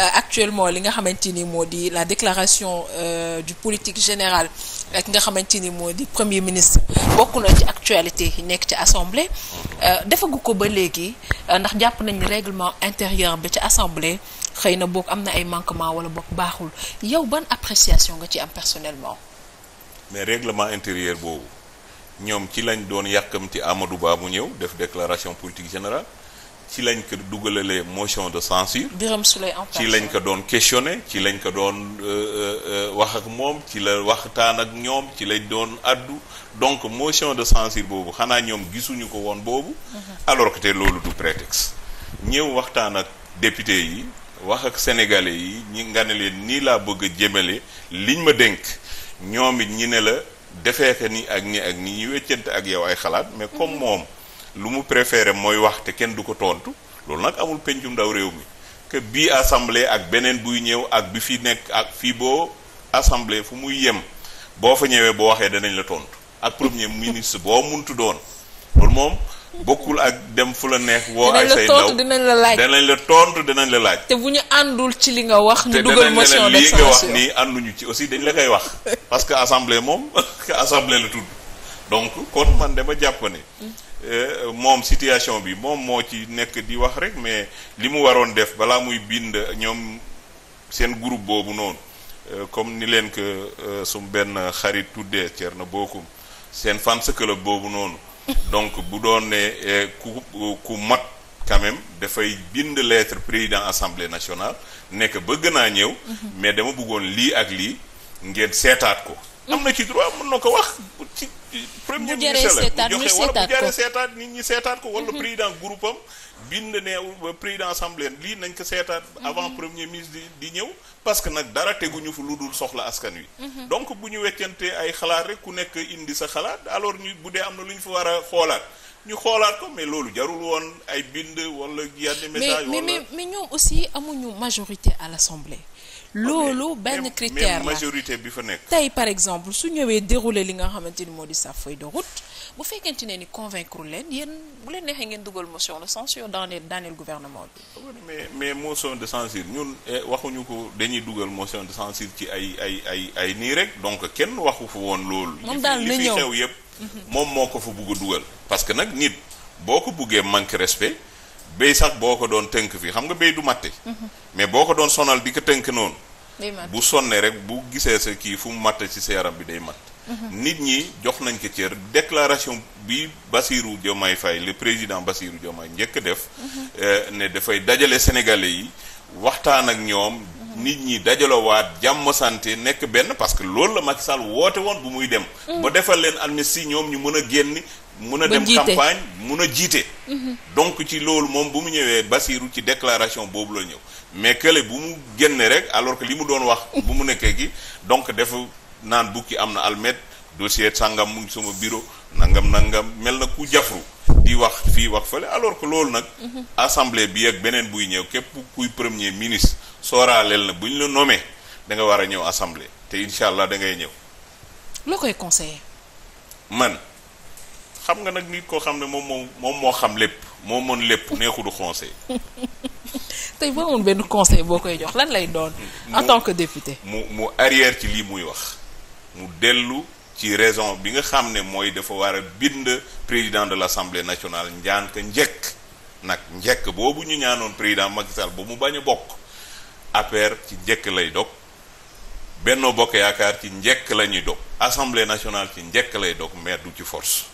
Euh, actuellement li nga xamante ni moo di la déclaration euh, du politique générale ak nga xamante ni moo di premier ministre bokk na ci actualité yi nekk ci assemblée euh, defagu ko ba léegi ndax jàpp nañ règlement intérieur ba ci assemblée xëy na book am na ay manquement wala boog baaxul yow ban appréciation nga ci am personnellement. mais règlement intérieur boobu ñoom ci lañ doon yàkkamti Amadou Ba mu ñëw def déclaration politique général ci lañ ko dugalalee motion de censure Birame Souleye en ci lañ ko doon questionné ci lañ ko doon euh, euh, euh, wax ak moom ci la waxtaan ak ñoom ci lañ doon addu donc motion de censure boobu xanaa ñoom gisuñu ko woon boobu mhm. alors que te loolu du prétexte ñëw waxtaan ak député yi wax ak sénégalais yi ñi nga ne leen nii laa bëgg a jëmale liñ ma dénk ñoom it ñi ne la defee ko ni ak ni ak ni ñu weccante ak yow ay xalaat mais comme mhm. moom lu mu préféré mooy wax te kenn du ko tontu loolu nag amul pencum ndaw réew mi que bii assemblée ak beneen buy ñëw ak bi fi nekk ak fii boo assemblée fu muy yem boo fa ñëwee boo waxee danañ la tontu ak premier ministre boo muntu doon loolu moom bokkul ak dem fu la neex woo ay say ndaw dinañ la laaj danañ la tontu danañ la laaj te bu ñu àndul ci li nga wax ñu dugal motion de censure lii nga wax nii ànduñu ci aussi dañ la koy wax parce que assemblée moom assemblée la donc kon man dama ne Euh, moom situation bi moom moo ci nekk di wax rek mais li mu waroon def balaa muy bind ñoom seen groupe boobu noonu euh, comme ni leen que euh, sumu benn xarit tuddee Thierno Bocoum seen fans club boobu noonu donc bu doon ne ku ku mat quand dafay bind lettre président assemblée nationale nekk bëgg naa ñëw mhm. mais dama buggoon lii ak lii ngeen seetaat ko am na ci droit mën na ko wax premier ministre la bu joxe wala bu jaree seetaat nit ñi seetaat ko wala mm-hmm. président groupe am bind ne euh, président assemblée lii nañ ko seetaat avant mm-hmm. premier ministre di ñëw parce que nag dara teguñu fu lu dul soxla askan wi mm-hmm. donc bu ñu weccante ay xalaat rek ku nekk indi sa xalaat alors ñu bu dee am na lu ñu fa war a xoolaat ñu xoolaat ko mais loolu jarul woon ay bind wala yenn message mais mais mais ñoom aussi amuñu majorité à l'assemblée loolu benn critère la majorité bi fa nekk tey par exemple su ñëwee dérouler li nga xamante ni moo di sa de route bu fekkente ne ni convaincre leen yéen bu leen neexee ngeen dugal motion de censure daaneel daaneel gouvernement bi. mais mais motion de censure ñun eh, waxuñu ko dañuy dugal motion de censure ci ay ay ay ay nii rek donc kenn waxu fa woon loolu. moom daal li fi xew yëpp. moom moo ko fa bugg dugal. parce que nag nit boo ko buggee manque respect béy sax boo ko doon tënk fii xam nga béy du matte. mais boo ko doon sonal di ko tënk noonu. bu sonnee rek bu gisee sa kii fu mu matt ci sa yaram bi day matt. nit ñi jox nañ ko cër déclaration bi Bassirou Diomaye Faye le président Bassirou Diomaye njëkk def euh, ne dafay dajale sénégalais yi waxtaan ak ñoom nit ñi dajalowaat jàmm santé nekk benn parce que loolu la Macky Sall woote woon bu muy dem ba defal leen amnistie ñoom ñu mën a génn mun a dem campagne mun a jiite mhm. donc ci loolu moom bu mu ñëwee Bassirou ci déclaration boobu la ñëw mais kële bu mu génne rek alors que li mu doon wax bu mu nekkee gi donc def naan bukki am na almet dossier sàngam mu suma sama bureau nangam nangam mel na ku jafru di wax fii wax fële alors que loolu nag mhm. assemblée bi ak beneen buy ñëw képp kuy premier ministre sooraaleel na bu ñu la nommé danga war a ñëw assemblée te incha allah da ngay ñëw loo koy conseiller man xam nga nag nit koo xam ne moom moo moom moo xam lépp moo mën lépp neexu du conseil tey boo amoon benn conseil boo koy jox lan lay doon en tant que député mu mu arrière ci lii muy wax mu dellu ci raison bi nga xam ne mooy dafa war bind président de l'Assemblée nationale njaan ka njëkk nag njëkk boobu ñu ñaanoon président Macky Sall ba mu bañ a bokk APR ci njëkk lay dog Benno Bokk Yaakaar ci njëkk lañuy ñuy dog Assemblée nationale ci njëkk lay dog mais du ci force.